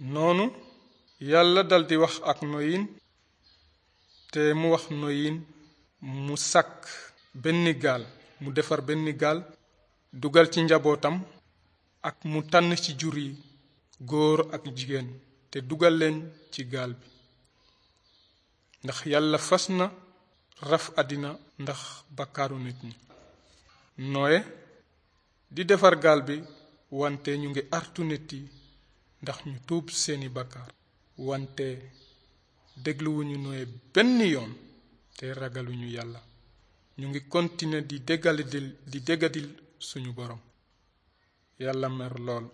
noonu yàlla daldi wax ak noyin te mu wax noyin mu sàkk benn gaal mu defar benn gaal dugal ci njabootam ak mu tànn ci jur yi góor ak jigéen te dugal leen ci gaal bi ndax yàlla fas na raf àddina ndax bakkaaru nit ñi nooye di defar gaal bi wante ñu ngi artu nit yi ndax ñu tuub seeni bakkaar wante dégluwuñu noye benn yoon te ragaluñu yàlla ñu ngi continuer di déggadil di déggadil suñu borom yàlla mer lool